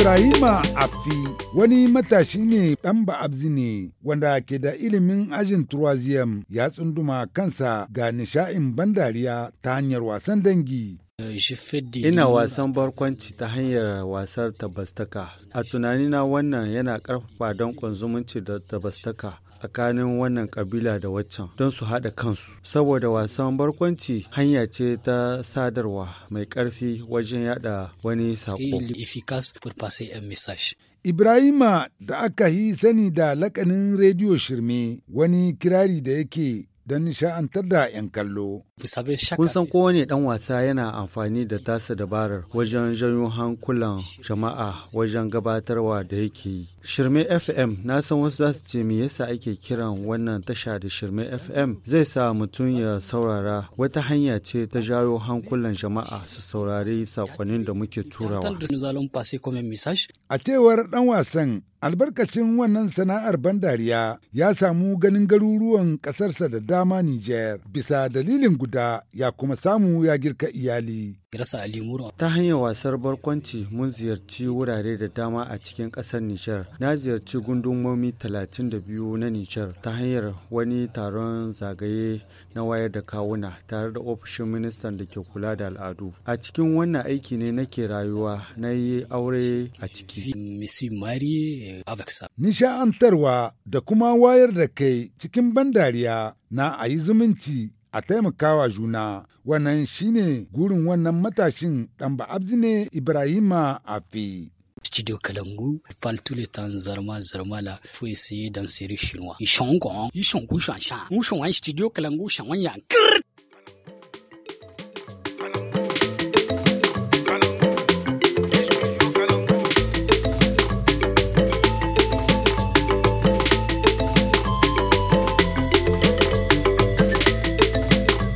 Ibrahima Afi wani matashi ne ɗan ba'abzi ne wanda ke da ilimin ajin Turwaziyam ya tsunduma kansa ga nisha'in bandariya ta hanyar wasan dangi. Eh, Ina wasan barkwanci ta hanyar wasar tabastaka. A tunanina wannan yana ƙarfafa danƙon zumunci da tabastaka tsakanin wannan kabila da waccan don su haɗa kansu. Saboda wasan barkwanci hanya ce ta sadarwa mai ƙarfi wajen yada wani saƙo. Ibrahima da aka yi sani da lakanin rediyo shirme wani kirari da yake don nisha'antar da 'yan kallo. Kun san kowane ɗan wasa yana amfani da tasa dabarar wajen janyo hankulan jama'a wajen gabatarwa da yake yi. Shirme FM na san wasu za su ce me yasa ake kiran wannan tasha da Shirme FM zai sa mutum ya saurara wata hanya ce ta jawo hankulan jama'a su saurari sakonnin da muke turawa. A cewar ɗan wasan Albarkacin wannan sana'ar ban dariya ya samu ganin garuruwan ƙasarsa da dama Nijar bisa dalilin guda ya kuma samu ya girka iyali. Ali Muru. Ta hanyar wasar barkwanci mun ziyarci wurare da dama a cikin ƙasar Nijar. Na ziyarci gundumomi 32 na Nijar ta hanyar wani taron zagaye na wayar da kawuna tare da ofishin ministan da ke kula da al'adu. A cikin wannan aiki ne nake rayuwa na yi aure a ciki. Eh, Nishaantarwa da kuma wayar da kai cikin ban dariya na a yi zumunci a taimakawa juna wannan shine gurin wannan matashin dan ba ne ibrahima afi studio kalangu parle tous les temps zarma zarma la faut essayer d'insérer chinois ils sont quoi ils chantent quoi ils chantent studio kalangu shawanya